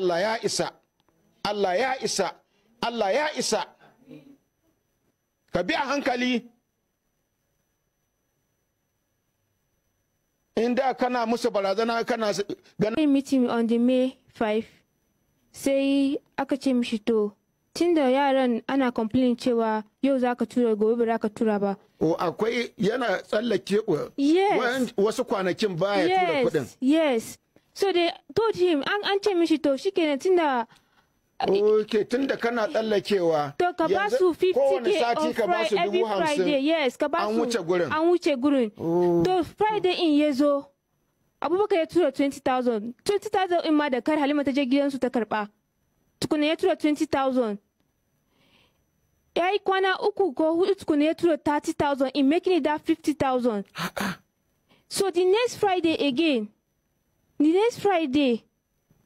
Allah ya isa Allah ya isa Allah ya isa ka bi a hankali inda kana musu barazana kana ganin meeting on the May 5 sai aka ce mishi to tunda yaran ana complain cewa yau za ka tura gobe ba za ka tura ba. O akwai yana tsallake wasu kwanakin baya tura kuɗin. Yes, yes. so da told him an ce mishi to shi shikenan tunda uh, Ok, tun da kana tsallakewa. To ka ba su 50k on Friday yes, ka ba su. An wuce gurin. An wuce gurin. Oh. To Friday in ya zo, Abubakar ya tura 20,000. 20,000 in ma da kar Halima ta je gidansu ta karba. Tukuna ya tura 20,000. Ya yi kwana uku ko hudu tukuna ya tura 30,000 in making it that 50,000. so the next Friday again, The next Friday,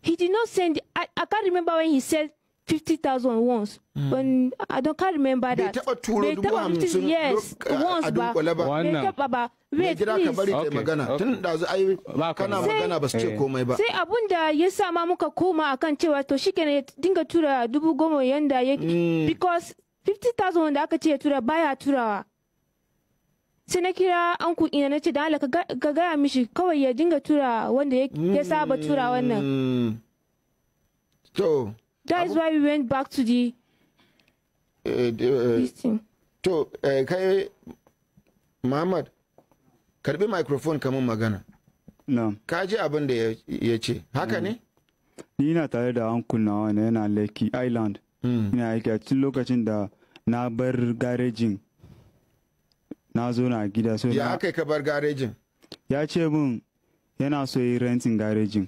he did not send. I, I can't remember when he said fifty thousand once. Mm. When I don't can't remember that. They taɓa two hundred hamsin. Yes, uh, once ba. Bai eh. taɓa ba. Wait, please. Okay. bari ta magana. Tun da zu ai kana Sai abun da ya sa ma muka koma akan cewa to shikenan ya dinga tura dubu goma hmm. Because fifty thousand wanda aka ce ya tura baya turawa. sai na kira an ina na ce da Allah ka gaya mishi kawai ya dinga tura wanda ya saba tura wannan mm. to that is why we went back to the eh, eh, to eh, kai Muhammad karbi microphone kamar magana ka ji abin da ya ce haka ne mm. ni na tare da hankun nawa yana Lekki Island mm. ina aiki a cikin lokacin da na bar garejin na zo na gida so ya kai ka bar garejin ya ce min yana so yi rentin garejin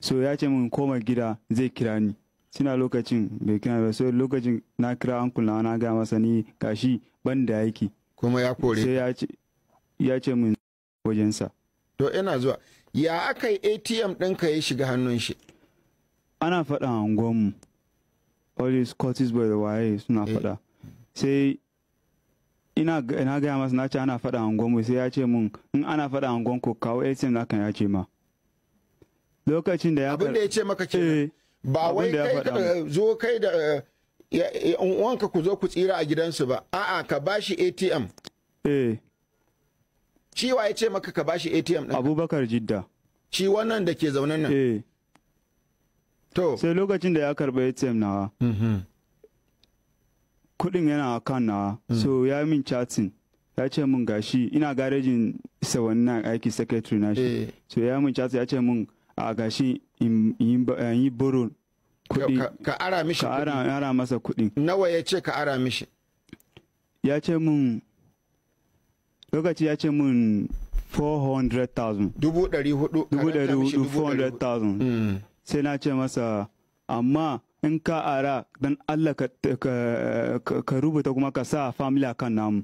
so ya ce min koma gida zai kira ni suna lokacin bai kira ba so lokacin na kira ankul na na ga masa ni gashi ban da yake kuma ya kore sai ya ce min sa to ina zuwa ya aka yi atm ɗinka ya shiga hannun shi ana faɗa a mu. all these scottish boy da waye suna eh. faɗa sai ina ina gaya masa na ce ana faɗa angon mu sai ya ce mun in ana faɗa angon ku kawo ATM na kan ya ce ma lokacin da ya abin da ya ce maka ke eh, ba wai kai zo kai da wanka ku zo ku tsira a gidansu ba a'a ka bashi ATM eh ciwa ya ce maka ka bashi ATM din Abubakar Jidda shi wannan da ke zaunan nan eh to sai lokacin da ya karɓi ATM nawa mhm kuɗin yana kan nawa mm. so ya min chatting ya ce mun gashi ina garejin isa wannan aiki secretary na shi eh. so ya min chatting ya ce mun a gashi in yi boro kudi ka ara mishi ka ara masa kuɗi nawa ya ce ka ara mishi ya ce mun lokaci ya ce mun 400,000 dubu hudu dubu hudu 400,000 mm. sai na ce masa amma in ka ara don Allah ka rubuta kuma ka sa family kan namu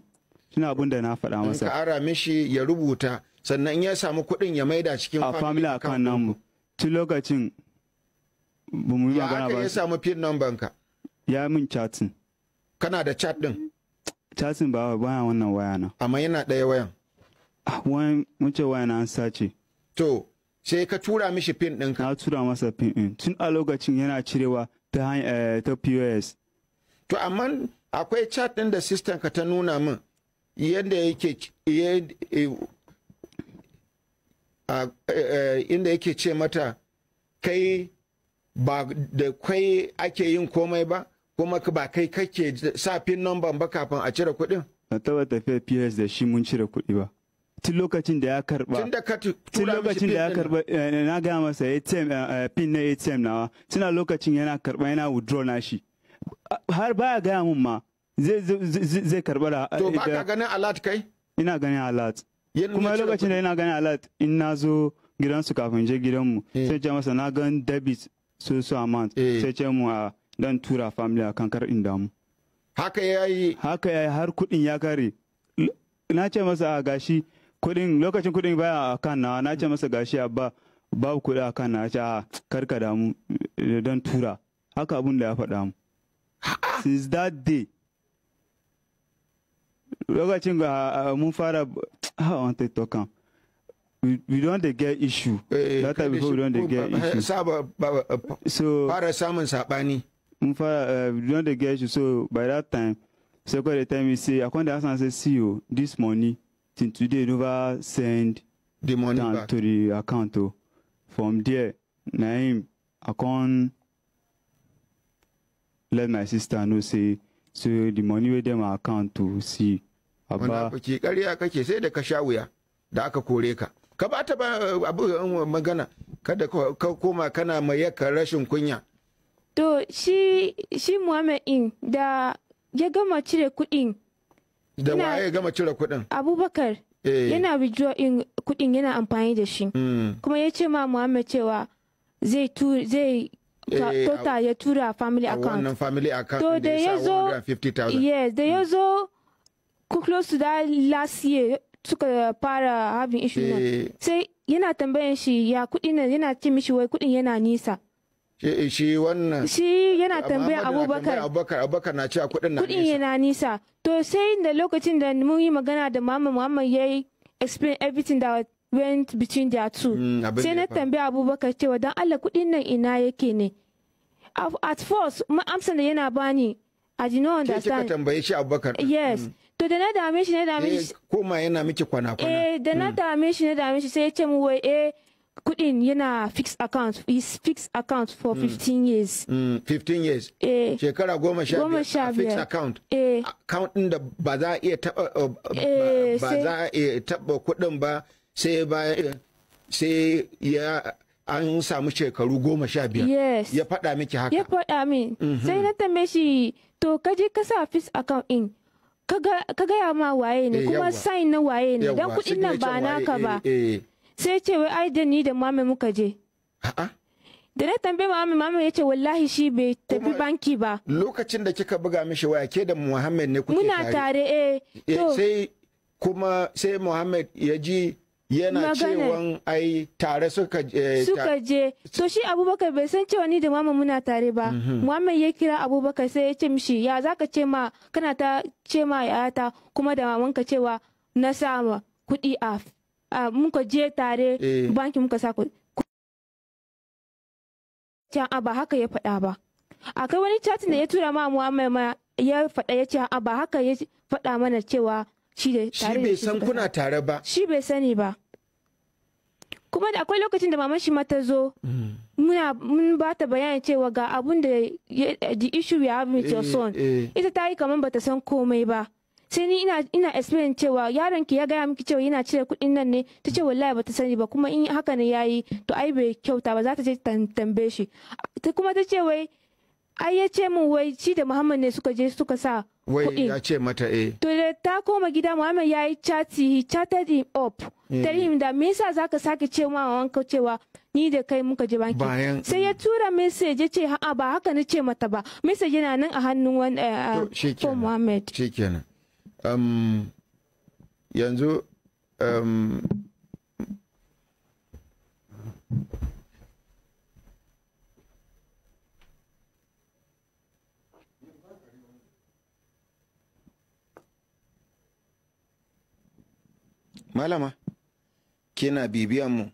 shine abin da na faɗa masa ka ara mishi ya rubuta sannan ya samu kuɗin ya maida cikin family kan namu tun lokacin ba mu yi magana ba ya samu pin number ka ya min chatin kana da chat din chatin ba baya wannan waya na amma yana ɗaya wayan ah, Wani wuce waya na an sace to sai ka tura mishi pin ɗinka. Na tura masa pin ɗin. Tun a lokacin yana cirewa ta eh, POS. To amma akwai chat ɗin da system ka ta nuna min yadda yake e, e, e, inda yake ce mata kai ba da kai ake yin komai ba kuma ba kai kake sa pin number ba kafin a cire kuɗin. Ba taɓa tafiya POS da shi mun cire kuɗi ba. tun lokacin da ya karba tun da ka lokacin da ya karba eh, na gaya masa ATM eh, pin na ATM nawa tuna lokacin yana karba yana withdraw na shi har baya gaya mun ma zai karba da to ba eh, ka ganin alert kai ina ganin alert kuma lokacin da ina ganin alert in na zo gidansu kafin je gidanmu sai ce masa na gan debit so so amount sai ce mu a ah, dan tura family akan kar in damu haka yayi haka yayi har kudin ya kare na ce masa a ah, gashi kudin lokacin kudin baya a kan na na ce masa gashi ba babu kuɗi a kan na ce a karka damu eh, don tura haka abun da ya faɗa mu since that day lokacin ga mun fara how on TikTok kan we, we don dey get issue hey, eh, eh, that time before we don dey get issue saba so fara samun sabani mun fara we don dey get issue so by that time secretary tell me say i come dey ask am say see you, this money Then today never send the money back. to the account. Oh. From there, Naim, I can let my sister know say so the money wey them account to oh, see. Abba. Wanda ƙarya kake sai da ka sha da aka kore ka. Ka ba ta abu um, magana kada ka kana mayaka yakan rashin kunya. To shi shi Muhammad in da ya gama cire da waye gama cire kudin? abubakar eh. yana in kuɗin yana amfani da shi hmm. kuma ya ce ma muhammad cewa zai zai eh, tota ya tura family account wannan family account to da ya zo yes da ya hmm. zo ku close to that last year suka fara having issue eh. sai yana tambayan shi ya kudin nan yana ce mishi wai kudin yana nisa Eh, eh, shi wannan shi yana tambaya abubakar abubakar abubakar na cewa kudin na nisa kuɗin yana nisa to sai da lokacin da mun yi magana da mama muhammad ya yi explain everything that went between their two mm, sai na tambaya abubakar cewa don allah kudin nan ina yake ne at first ma amsan da yana bani i did not understand kika tambaye shi abubakar yes mm. to da na dame shi na dame eh, shi koma yana miki kwana kwana eh da na mm. dame shi na dame shi sai ya ce mu wai eh kudin yana fixed account is fixed account for 15 mm. years mm. 15 years eh. shekara goma sha biyar fixed account eh. account din da ba za a iya taba uh, ba eh, za a iya taba kudin ba sai ba sai ya an samu shekaru goma sha biyar yes. ya faɗa miki haka ya faɗa min mhm. sai na tambaye shi to kaje ka sa fixed account in ka gaya ma waye ne eh, kuma sign na waye ne dan kudin nan ba naka ba eh, eh. sai ce wai ai ni da mame muka je da na tambaye mame mame ya ce wallahi shi bai tafi banki ba lokacin da kika buga mishi waya ke da muhammed ne kuke muna tare eh, eh sai kuma sai muhammed ya ji yana cewan ai tare suka je eh, suka je to shi abubakar bai san cewa ni da mama muna tare ba mhm. muhammad ya kira abubakar sai ya ce mishi ya zaka ce ma kana ta ce ma ta, kuma da mamanka cewa na sama kuɗi a Ah, muka je tare eh. banki muka sa can a ah, ba haka ya faɗa ba akwai wani chatin da ya tura ma muhammad ma ya faɗa ya ce a ah, ba haka ya faɗa mana cewa shi da tare shi bai san kuna tare ba shi bai sani ba kuma da akwai lokacin da mamashi ma ta zo mm. muna mun ba ta bayani cewa ga abun da the issue ya happen with your eh, son eh. ita ta yi kamar bata san komai ba sai ni ina ina explain cewa yaron ki ya gaya miki cewa yana cire kuɗin nan ne ta ce wallahi bata sani ba kuma in haka ne yayi to ai bai kyauta ba za ta je tambaye shi ta kuma ta ce wai ai ya ce min wai shi da Muhammad ne suka je suka sa wai ya ce mata eh to da ta koma gida Muhammad yayi chatty he chatted him up eh. tell him da me yasa zaka sake ce ma wanka cewa ni da kai muka je banki sai ya tura message ya ce ha ba haka na ce mata ba message yana nan a hannun wani eh, eh, Muhammad shikenan um, yanzu um, malama kina bibiyan mu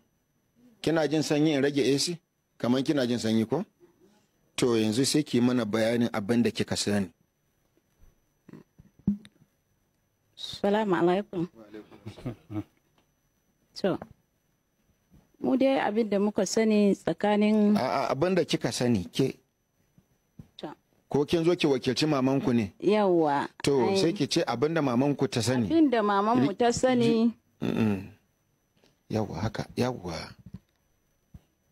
kina jin sanyi in rage AC kamar kina jin sanyi ko to yanzu sai ki mana bayanin abin da kika sani Assalamu alaikum. So, mu dai abin da muka sani tsakanin... Abin da kika sani ke. Ko kin zo ki wakilci mamanku ne? Yawwa. To, sai ki ce abin da mamanku ta sani. Abin da mamanmu ta sani. Yawwa haka, yawwa.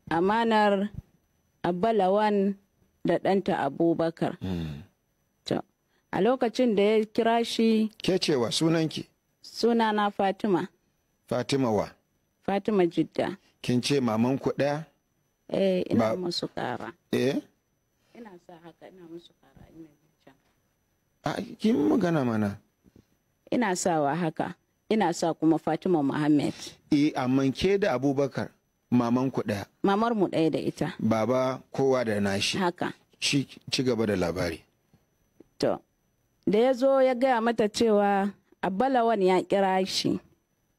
Amanar Abbalawan da ɗanta Abubakar. Mm. a lokacin da ya kira shi ke cewa sunanki sunana fatima fatima wa fatima jidda kin ce maman ku ɗaya eh ina musu kara eh ina sa haka ina musu kara ina can a kin magana mana ina sawa haka ina sa kuma fatima muhammad eh amma ke da abubakar maman ku ɗaya mamar mu ɗaya da ita baba kowa da nashi haka ci gaba da labari to da ya zo ya gaya mata cewa abbalawan ya kira shi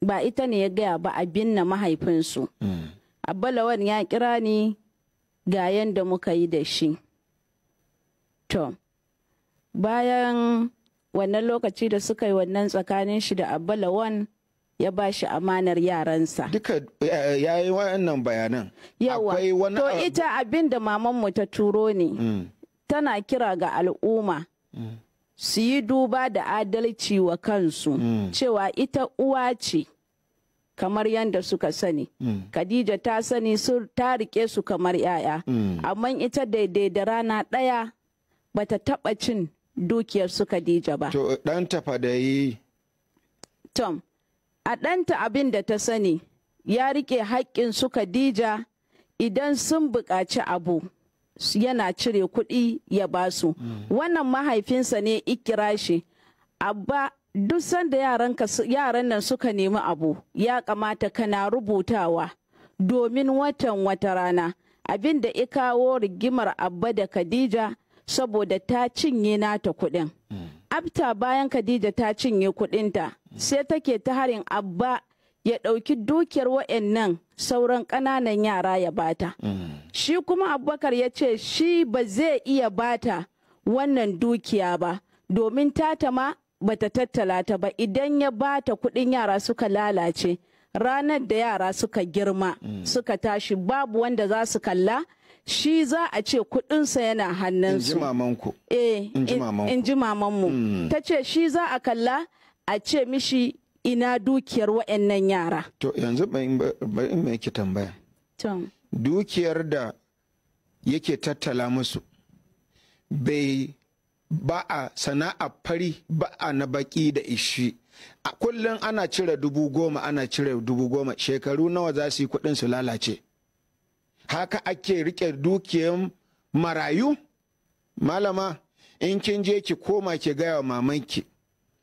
ba ita ne ya gaya ba a binne mahaifinsu mm. abbalawan ya kira ni ga yadda muka yi da shi to bayan wannan lokaci da suka yi wannan tsakanin shi da abbalawan ya ba shi amanar yaransa. Duka eh, eh, ya yi wa'annan bayanan. Yawa, to ita abin da mamanmu ta turo ne, mm. tana kira ga al'umma. Mm. su yi duba da adalci wa kansu mm. cewa ita uwa ce kamar yadda suka sani mm. khadija ta sani su ta rike su kamar yaya mm. amma ita daidai da rana ɗaya bata taɓa cin dukiyar su khadija ba to ɗanta fadayi tom a ɗanta abin da ta sani ya rike haƙƙin su khadija idan sun buƙaci abu yana cire kuɗi ya ba su wannan mahaifinsa ne ikira abba duk sanda yaran nan suka nemi abu ya kamata kana rubutawa domin watan wata rana abin da ya kawo rigimar abba da khadija saboda ta cinye nata kuɗin hmm. abta bayan khadija ta cinye kuɗinta hmm. sai take ta harin abba ya ɗauki dukiyar wa'annan sauran ƙananan yara ya bata. Shi kuma Abubakar ya ce shi ba zai iya bata wannan dukiya ba domin tata ma bata tattala ta ba idan ya bata kuɗin yara suka lalace ranar da yara suka girma suka tashi babu wanda za su kalla. shi za a ce kudinsa yana hannunsu. Eh, in ji mamanku. In ji mamanmu. Ta ce shi za a kalla a ce mishi ina dukiyar waannan yara to yanzu bari mai yake tambaya dukiyar da yake tattala musu bai ba a sana'a fari ba a na baki da ishi a kullum ana cire dubu goma ana cire dubu goma shekaru nawa za su yi kuɗin su lalace haka ake rike dukiyar marayu malama in kin je ki koma ki gaya wa mamanki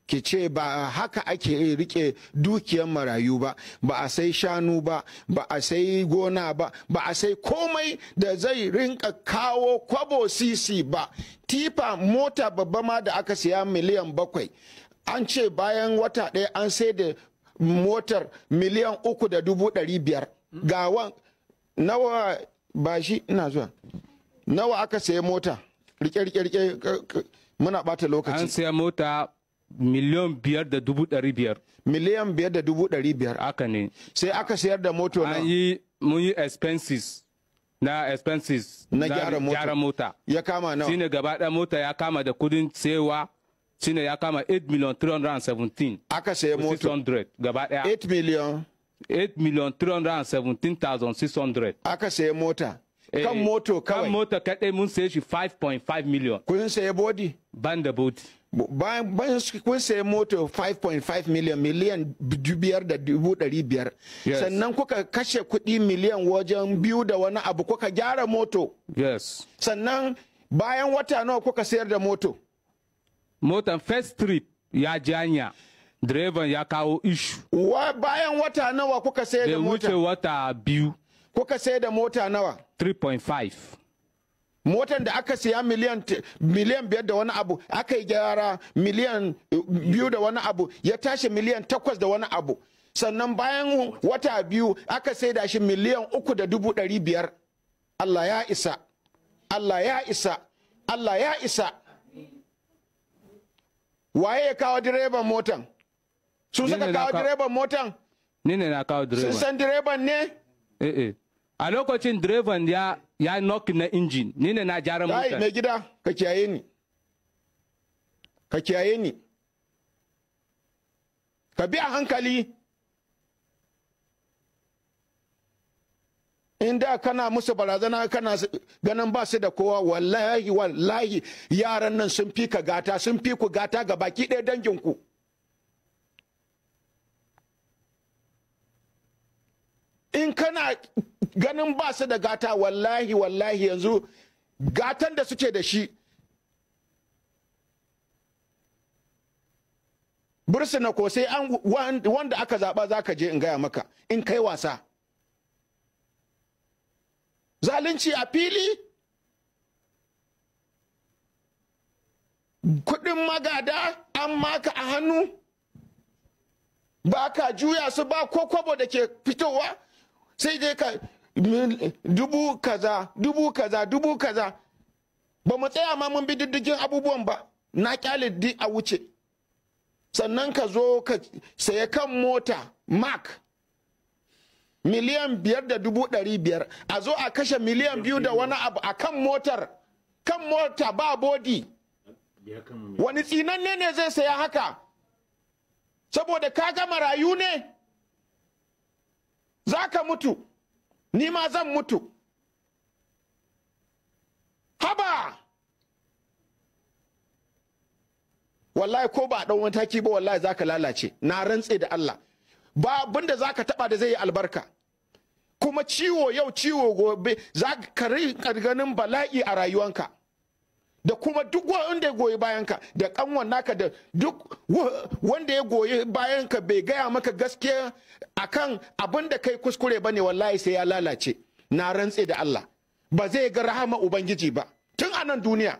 ki ce ba haka ake rike dukiyar marayu ba ba a sai shanu ba ba a sai gona ba ba a sai komai da zai rinka kawo kwabo sisi ba tifa mota babba ma da aka siya miliyan bakwai an ce bayan wata ɗaya an sai da motar miliyan uku da dubu ɗari biyar Ga wan nawa ba shi ina zuwa nawa aka sayi mota rike rike rike muna bata lokaci an siya mota miliyan biyar da dubu ɗari biyar. Miliyan biyar da dubu ɗari biyar. Haka ne. Sai aka sayar da moto na. An yi mun yi expenses na expenses na gyara mota. Ya kama nawa. Shine gaba ɗaya mota ya kama da kudin sewa shine ya kama 8 million 317. Aka sayi moto. 600 gaba ɗaya. 8 million. 8 million 317,600. Aka sayi mota. Eh, kan moto kawai. Kan moto kaɗai mun saye shi 5.5 million. Kun saye body? Ban da body. bayan kun sayi mota 5.5 miliyan miliyan biyar da dubu ɗari biyar sannan kuka kashe kuɗi miliyan wajen biyu da wani abu kuka gyara moto yes sannan bayan wata nawa kuka sayar da moto motan first trip ya janya driver ya kawo ishu wa bayan wata nawa kuka sayar da mota wuce wata biyu kuka sayar da mota nawa 3.5 motar da aka siya miliyan miliyan biyar da wani abu aka yi gyara miliyan eh, biyu da wani abu ya tashi miliyan takwas da wani abu sannan bayan wata biyu aka da shi miliyan uku da dubu ɗari biyar Allah ya isa Allah ya isa Allah ya isa waye ya kawo direban motan su suka kawo direban motan ni ne na kawo direban sun san direban ne eh eh a lokacin direban ya ya nok na injin ni ne na gyara motar ai mai gida ka kiyaye ni ka kiyaye ni ka bi a hankali inda kana musu barazana kana ganin ba su da kowa wallahi wallahi yaran nan sun fi ka gata sun fi ku gata ga baki ɗaya danginku in kana ganin ba su da gata wallahi wallahi yanzu gatan da suke da shi Bursina, ko sai wanda aka zaba za ka je in gaya maka in kai wasa zalunci a fili kudin magada an maka a hannu ba ka juya su ba ko kwabo da ke fitowa sai dai ka dubu kaza dubu kaza dubu kaza ba mu tsaya ma mun bi diddigin abubuwan ba na kyale di a wuce sannan ka zo ka saya kan mota mark miliyan biyar da dubu ɗari biyar a zo a kashe miliyan biyu da wani abu a kan motar kan mota ba bodi wani tsinanne ne zai saya haka saboda ka gama rayu ne za ka mutu ni ma zan mutu haba wallahi ko ba ɗan mataki ba wallahi za ka lalace na rantse da Allah ba abin da za ka taɓa da zai yi albarka kuma ciwo yau ciwo gobe za ka ganin bala'i a rayuwanka da kuma duk wanda ya goyi bayanka da kanwan naka da duk wanda ya goyi bayanka bai gaya maka gaskiya akan abin da kai kuskure bane wallahi sai ya lalace na rantse da Allah ba zai ga rahama ubangiji ba tun a nan duniya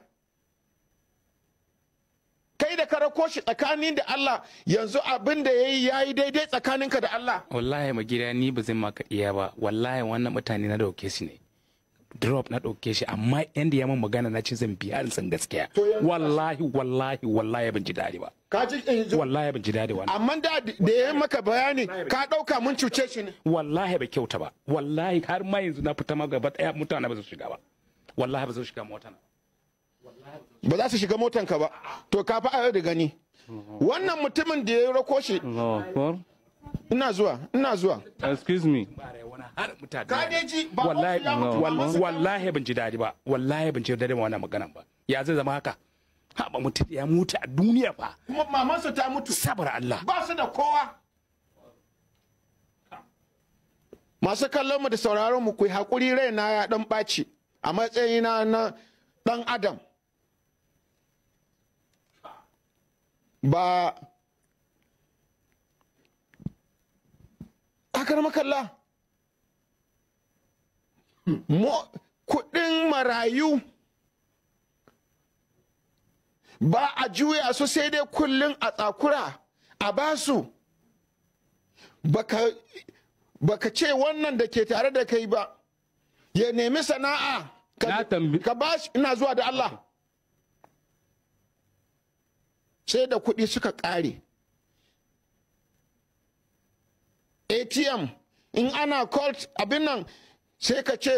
kai da ka rako shi tsakanin da Allah yanzu abin da yayi yayi daidai tsakaninka da Allah wallahi magida ni ba zan maka iya ba wallahi wannan mutane na dauke shi ne drop na ɗauke shi amma yan da yaman magana na ce zan biya san gaskiya wallahi wallahi wallahi ban ji daɗi ba wallahi ban ji daɗi wannan amma da da ya maka bayani ka ɗauka mun cuce shi ne wallahi bai kyauta ba wallahi har ma yanzu na fita ma gaba ɗaya mutane ba su shiga ba wallahi ba su shiga mota na ba za su shiga motanka ba to ka fa ayo da gani wannan mutumin da ya rako shi ina zuwa ina zuwa excuse me kadeji wallahi wallahi ban ji dadi ba wallahi ban ji dadi ba wannan magana ba ya zai zama haka ha ba mutu ya mutu a duniya fa kuma mamansa ta mutu sabar Allah ba su da kowa masu kallon mu da sauraron mu ku hakuri rai na ya dan baci a matsayin na dan adam ba takar makalla kudin marayu ba a juya su sai dai kullum a tsakura a basu baka baka ce wannan da ke tare da kai ba ya nemi sana'a ka ba shi ina zuwa da Allah sai da kuɗi suka ƙare atm in ana cult abin nan sai ka ce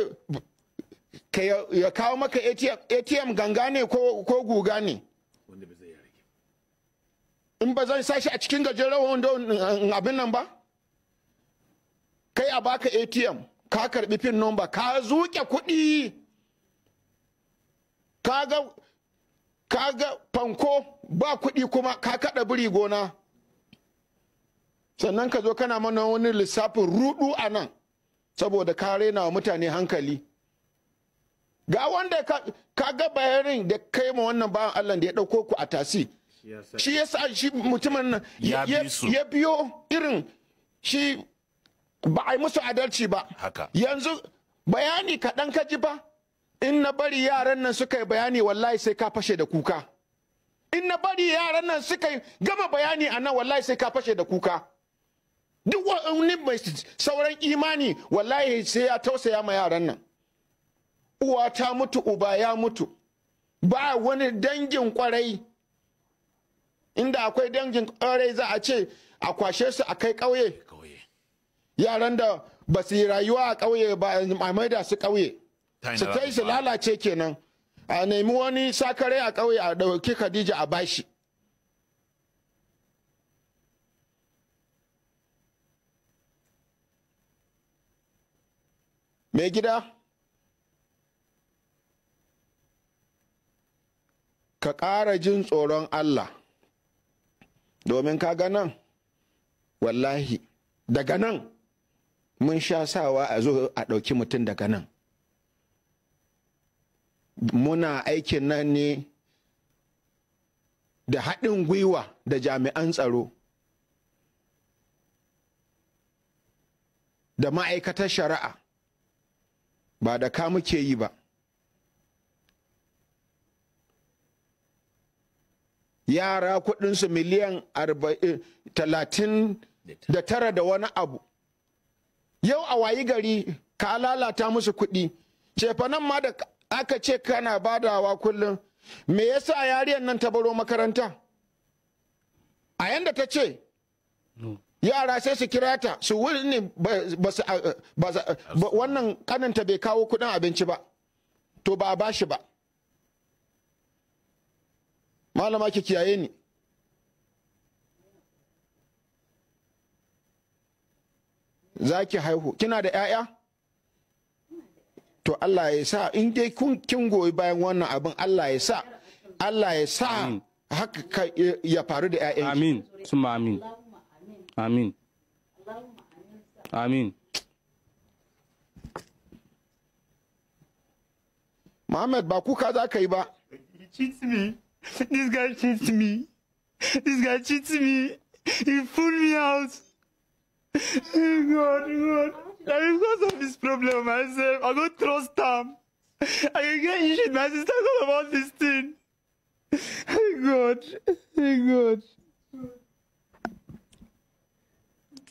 ya kawo maka atm ganga ne ko guga ne in ba zan sashi a cikin gajeren wando mm, abin nan ba kai a baka atm ka karbi pin number ka zuke kudi ka ga fanko ba kudi kuma ka kada biri gona sannan ka zo kana mana wani lissafin rudu a nan saboda ka rena wa mutane hankali ga wanda ka ga bayanin da kai ma wannan bayan Allah da ya dauko ku a tasi shi ya sa shi mutumin nan ya biyo irin shi ba a yi musu adalci ba yanzu bayani kaɗan ka ji ba in na bari yaran nan suka yi bayani wallahi sai ka fashe da kuka in na bari yaran nan suka yi gama bayani a nan wallahi sai ka fashe da kuka duk wani mai sauran imani wallahi sai ya tausaya ma yaran nan uwa ta mutu uba ya mutu ba wani dangin kwarai inda akwai dangin kwarai za a ce a kwashe su a kai ƙauye yaran da ba su yi rayuwa a ƙauye ba a maida su ƙauye su kai su lalace kenan a nemi wani sakare a ƙauye a dauki khadija a bashi mai gida ka ƙara jin tsoron allah domin ka ga nan wallahi daga nan mun sha sawa a zo a ɗauki mutum daga nan muna aikin nan ne da haɗin gwiwa da jami'an tsaro da ma'aikatar shari'a ba da ka muke yi ba yara kudinsu miliyan talatin da tara da wani abu yau a wayi gari ka lalata musu kudi cefanan ma da aka ce kana badawa kullum me yasa yariyar nan ta baro makaranta a yanda ta ce yara sai su kira ta su wuri ne wannan kananta bai kawo kudin abinci ba to ba a bashi ba malama ki kiyaye ni za ki haihu kina da 'ya'ya to Allah ya sa in dai kin goyi bayan wannan abin Allah ya sa Allah ya sa haka ya faru da 'ya'yan amin suma amin Amin. Amin. Muhammad ba kuka za ka He cheats me. This guy cheats me. This guy cheats me. He fooled me out. God, God. And because of this problem myself, I don't trust him. I can get issued my sister because of all this thing. God, God.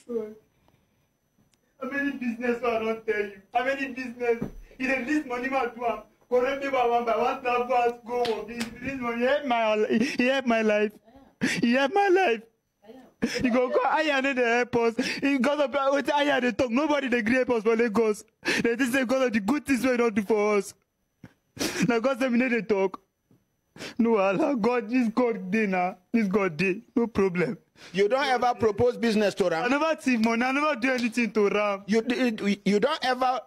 how many business i don't tell you how many business he dey list money ma do am correct paper one by one travel house go work you list money help my he help my life he help my life you go call aya no dey help us because of wetin aya dey talk nobody dey gree help us for lagos dey think say because of the good things we don't do for us na god say we no dey talk. No, Allah, God, this God day now. This God day, no problem. You don't ever propose business to Ram. I never see money. I never do anything to Ram. You you don't ever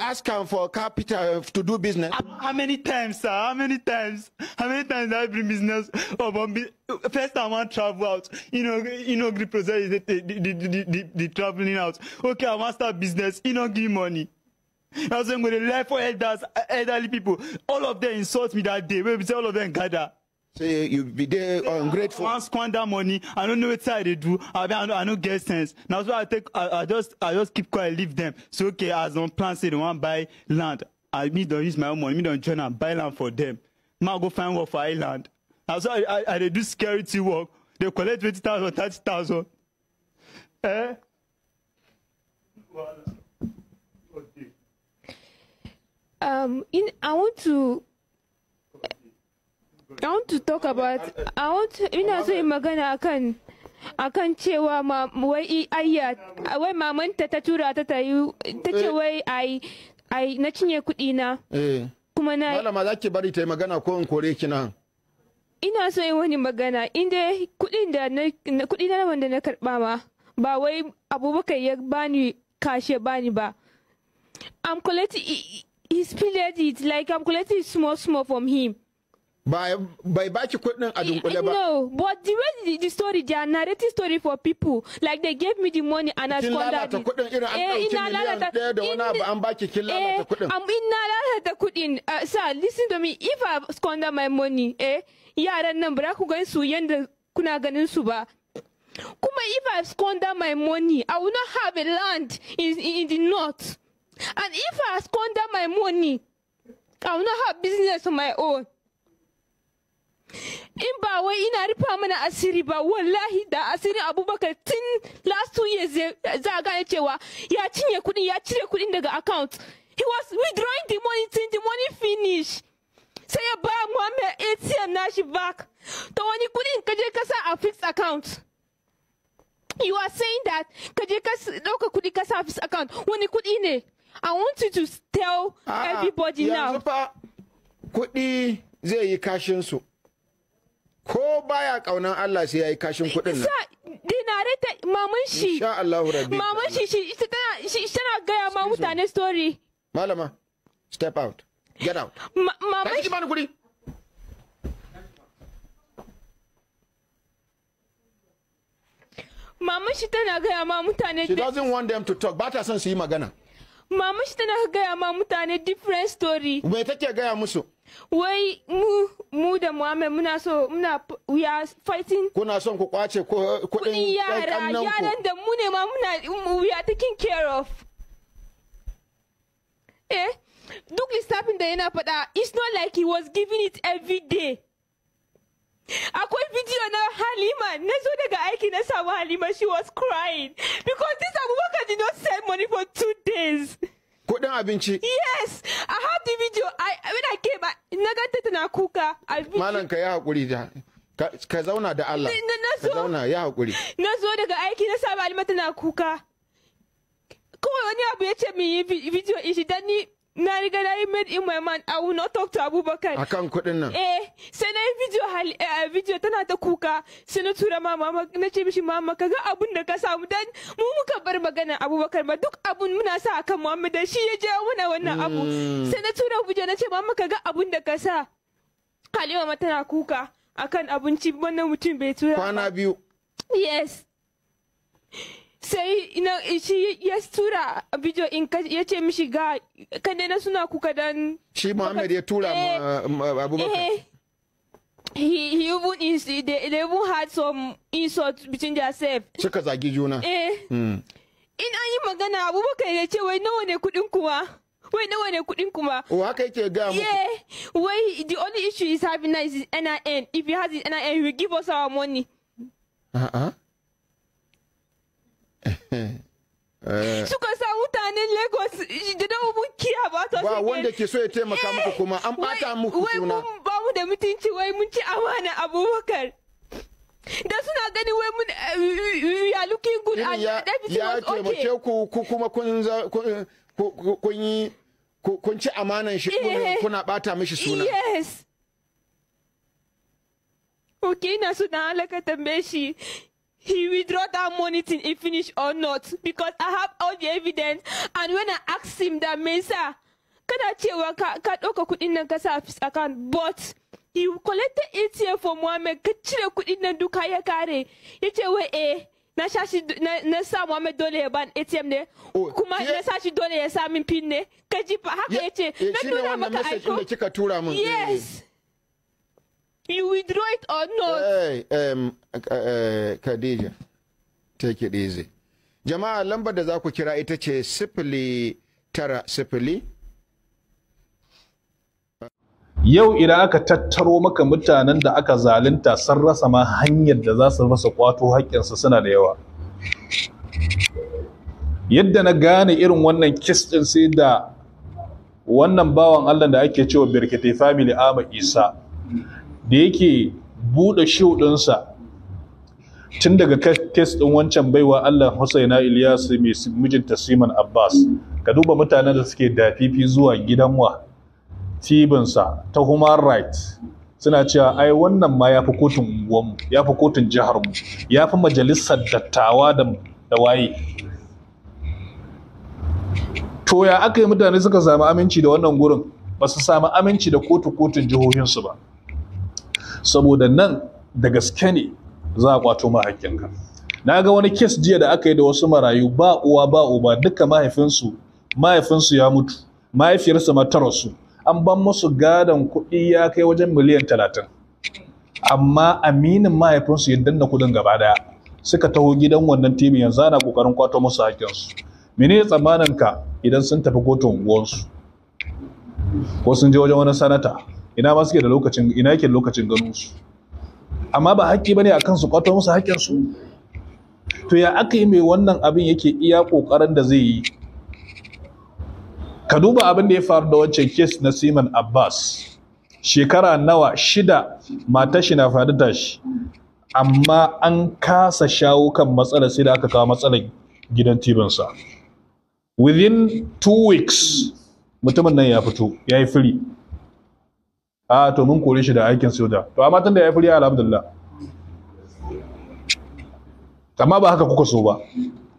ask him for capital uh, to do business. How, many times, sir? How many times? How many times I bring business First time I want travel out. You know, you know, the process is the, the, the, the, traveling out. Okay, I want start business. You know, give money. I was going to left for elders, elderly people. All of them insult me that day. We all of them gather. So you be there ungrateful. I squander money. I don't know what side they do. I be I no I no get sense. Now so I take I, I just I just keep quiet leave them. So okay as on plan say they wan buy land. I me don use my own money. Me don join and buy land for them. Ma go find work for island. Now so I I, I dey do security work. They collect twenty thousand thirty thousand. Eh? Well, Um, in, I want to I want to talk about I want ina so in magana akan akan cewa wai ayya wai mamanta ta tura ta ta ta ce eh. wai ai ai na cinye kuɗi na eh. kuma na malama zaki bari ta yi magana ko in kore ki nan ina so in wani magana inda kuɗin da na kuɗi na wanda na karɓa ma ba wai abubakar ya bani kashe bani ba I'm collecting He spilled it like I'm collecting small, small from him. By by baki kuɗin a dunkule whatever. No, but the way the, the story, they are narrating story for people. Like they gave me the money and I squandered it. Kin eh, lalata in irin I'm miliyan ɗaya da wani in eh, eh, sir, listen to me. If I squander my money, eh, Yeah, nan number ku gan going to kuna the su ba. Kuma if I squander my money, I will not have a land in, in, in the north. And if I squander my money, I will not have business of my own. In ba wai ina rufa mana asiri ba wallahi da asirin abubakar tun last two years Zagan Chewa, gane cewa ya cinye kudin ya cire daga account. He was withdrawing the money till the money finish. Sai ya Mamma, Muhammad ATM nashi back. To wani kudin kaje Kajakasa, a fixed account. You are saying that kaje ka ɗauka kuɗi ka sa account wani in ne. I want you to tell ah, everybody now. Yanzu fa kuɗi zai yi kashin su. Ko baya ƙaunan Allah sai ya yi kashin kuɗin nan. Dinare ta maman shi. Insha Allahu Rabbi. Maman shi shi tana shi tana gaya ma mutane story. Malama step out. Get out. Ma maman shi. Kaji kuɗi. Maman shi tana gaya ma mutane. She doesn't want them to talk. Ba ta son su yi magana. Mamush tana gaya ma mutane different story. Me take gaya musu? Wai mu mu da Muhammad muna so muna we are fighting. Kuna son ku kwace kudin yara yaran da mu ne ma muna we are taking care of. Eh duk lissafin da yana faɗa it's not like he was giving it every day. akwai video na halima na zo daga aiki na samu halima she was crying because this abubakar did not send money for two days kudin abinci yes i have the video i when i came i na ganta tana kuka malam ka yi hakuri da ka zauna da Allah ka zauna ya hakuri na zo daga aiki na samu halima tana kuka kawai wani abu ya ce min yi video ishi dan ni na riga na yi made in my mind I will not talk to Abubakar. Akan kuɗin nan. Eh sai na yi video hal eh, video tana ta kuka sai na tura ma mama na ce mishi mama kaga abun da ka samu dan mu muka bar magana Abubakar ba duk abun muna sa akan Muhammad da shi ya je muna wannan abu. Hmm. Sai na tura video na ce mama kaga abun da ka sa. Halima ma tana kuka akan abinci wannan mutum bai tura. Kwana biyu. Yes. sai shi ya tura bidiyo in ya ce mishi ga kane na suna kuka dan shi muhammad ya tura abubakar eh, eh. he, he even is, they, they even had some insults between themselves. Suka zagi juna. Eh. Hmm. In an yi magana Abubakar ya ce wai nawa ne kuɗin kuma. Wai nawa ne kuɗin kuma. O haka yake ga mu. Yeah. Wai the only issue is having nice is NIN. If he has his NIN, he will give us our money. uh Eh. suka sa mutanen Lagos gidan mun kiya ba ta ba wanda ke so ya taimaka muku eh, kuma an bata muku suna wai ba mu da mutunci wai mun ci amana Abubakar da suna gani wai mun eh, ya looking good and everything was ya taimake ku ku kuma kun kun yi kun ci amanan shi kuna bata mishi suna yes Okay, na suna alaka tambaye shi he withdraw that money thing he finish or not because I have all the evidence and when I ask him that Mesa kana cewa ka ɗauka kuɗin nan ka sa account but he collected ATM for Mohammed ka cire kuɗin nan duka ya kare ya ce wai eh na sha shi na sa Muhammad dole ya ban ATM ne oh, kuma na sa shi dole ya sa min pin ne ka ji fa haka ya ce na tura maka aiko yes You withdraw it or not? Hey, um, uh, Khadija, take it easy. Jama'a lambar da za ku kira ita ce sifili tara sifili. Yau idan aka tattaro maka mutanen da aka zalunta sun rasa ma hanyar da za su rasa kwato haƙƙinsu suna da yawa. Yadda na gane irin wannan kis ɗin sai da wannan bawan Allah da ake cewa Birkitai Family Ama Isa. da yake buɗe shuɗinsa ɗinsa tun daga kes ɗin wancan baiwa Allah Husaina Ilyas mai mijinta Tasiman Abbas ka duba mutanen da suke da fifi zuwa gidan wa tibinsa ta human right suna cewa ai wannan ma ya fi kotun unguwanmu ya kotun jiharmu ya fi majalisar dattawa da waye to ya aka yi mutane suka sami aminci da wannan gurin ba su sami aminci da kotu kotun jihohinsu ba saboda nan da gaske ne za a kwato mahaifinka na ga wani kes jiya da aka yi da wasu marayu ba uwa ba uba duka mahaifinsu mahaifinsu ya mutu mahaifiyarsa ma su an ban musu gadon kuɗi ya kai wajen miliyan talatin amma aminin mahaifinsu ya danna kudin gaba daya suka taho gidan wannan timi yanzu ana kokarin kwato musu hakinsu Mene tsammanin ka idan sun tafi kotun unguwarsu ko sun je wajen wani sanata ina ma suke da lokacin ina yake lokacin ganin su amma ba hakki bane akan su kwato musu hakkin su to ya aka yi mai wannan abin yake iya ƙoƙarin da zai yi ka duba abin da ya faru da wancan kes na Siman Abbas shekara nawa shida mata shi na faɗi shi. amma an kasa shawo kan matsalar sai da aka kawo matsalar gidan tibinsa within two weeks mutumin nan ya fito ya yi firi a ah, to mun kore shi da aikin soja to amma tunda ya furiya alhamdulillah amma ba haka kuka so ba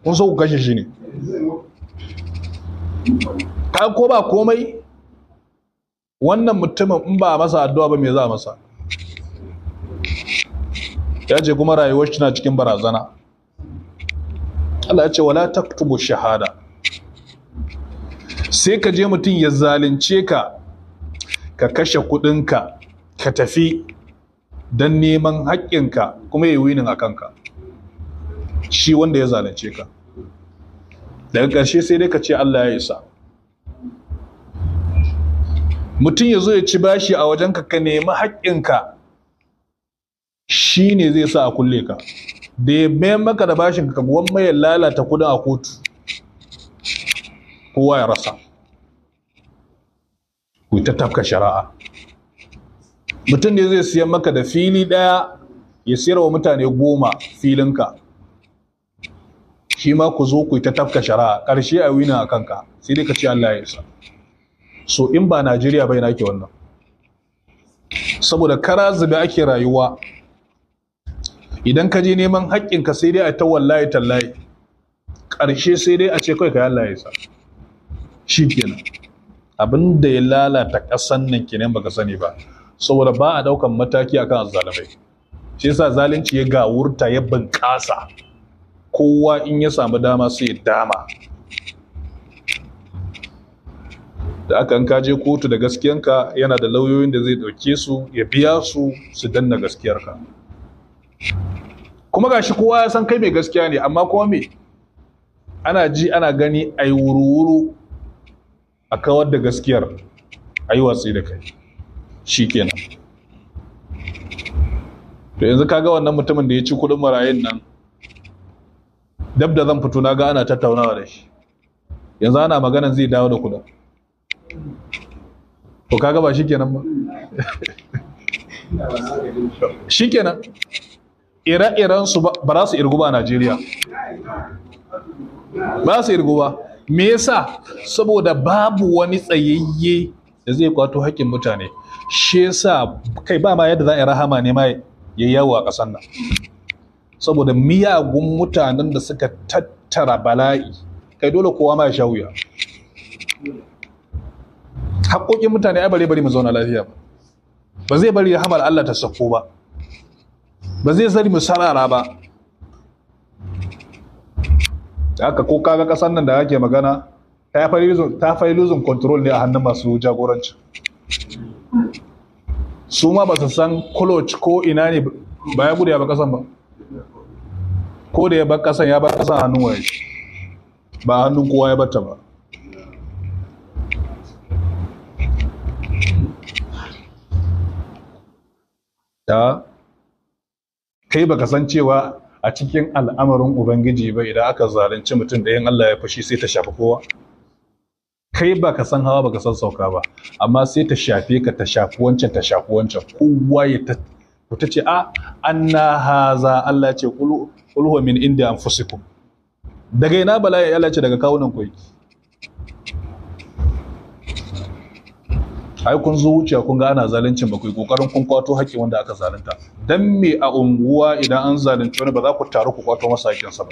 kun so ku kashe shi ne ka ko ba komai wannan mutumin in ba masa addu'a ba me za a masa ya ce kuma rayuwar shi na cikin barazana Allah ya ce wala taktubu shahada sai ka je mutum ya zalunce ka ka kashe kuɗinka ka tafi don neman haƙƙinka kuma ya yi winin a kanka shi wanda ya zalunce ka daga ƙarshe sai dai ka ce Allah ya isa mutum ya zo ya ci bashi a wajenka ka nemi haƙƙinka shi ne zai sa a kulle ka da ya mayan maka da bashin ka gwamma ya lalata kudin a kotu kowa ya rasa ku ta tafka shari'a mutum ne zai siyan maka da fili ɗaya ya siyar wa mutane goma filinka shi ma ku zo ku ta tafka shari'a ƙarshe a wina a kanka sai dai ka ce Allah ya isa so in ba Najeriya bai na ke wannan saboda kara zube ake rayuwa idan ka je neman haƙƙinka sai dai a ta wallahi tallahi ƙarshe sai dai a ce kawai ka Allah ya isa shi kenan abin da ya lalata ƙasan nan kenan baka sani ba saboda ba a daukan mataki akan azzalumai shi yasa zalunci ya gawurta ya bunƙasa kowa in ya samu dama sai ya dama da aka an kaje kotu da gaskiyanka yana da lauyoyin da zai ɗauke su ya biya su su danna gaskiyarka kuma gashi kowa ya san kai mai gaskiya ne amma kuma me ana ji ana gani ai wuru-wuru a kawar da gaskiyar a yi watsi da kai shi kenan to yanzu kaga wannan mutumin da ya ci kuɗin marayun nan dab da zan fito na ga ana tattaunawa da shi yanzu ana maganan zai dawo da kuɗin to kaga ba shi kenan ba shi kenan ire-iren su ba za su irgu ba a najeriya ba za su irgu ba me yasa saboda babu wani tsayayye da zai kwato haƙƙin mutane shi yasa kai ba ma yadda za a rahama ne ma ya yawo a ƙasar nan saboda miyagun mutanen da suka tattara bala'i kai dole kowa ma ya sha wuya haƙoƙin mutane ai bare bari mu zauna lafiya ba zai bari rahamar Allah ta sako ba ba zai zari mu sarara ba haka ko kaga kasan nan da ake magana ta fa losing ta fa losing control ne a hannun masu jagoranci su ma ba su san clutch ko ina ne ba ya gudu ya ba kasan ba ko da ya ba kasan ya ba kasan hannun waye ba hannun kowa ya bata ba ta kai ba kasancewa cewa a cikin al'amarin ubangiji ba idan aka zalunci mutum da yin Allah ya fushi sai ta shafi kowa kai ba ka san hawa ba ka san sauka ba amma sai ta shafe ka ta shafi wancan ta shafi wancan kowa ya ta ku ta ce a anna haza Allah ce qul huwa min inda anfusikum daga ina bala'i Allah ce daga kawunan ku ai kun zo wuciya kun ga ana zaluncin ba ku yi kokarin kun kwato haƙƙi wanda aka zalunta dan me a unguwa idan an zalunci wani ba za ku taru ku kwato masa sa ba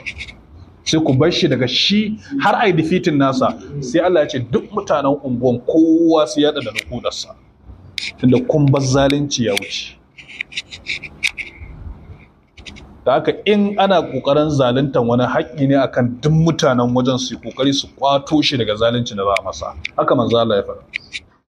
sai ku bar shi daga shi har ai defeating nasa sai Allah ya ce duk mutanen unguwan kowa sai ya da sa tunda kun bar zalunci ya wuce da haka in ana kokarin zaluntan wani haƙƙi ne akan duk mutanen wajen su yi kokari su kwato shi daga zaluncin da za a masa haka manzo Allah ya faɗa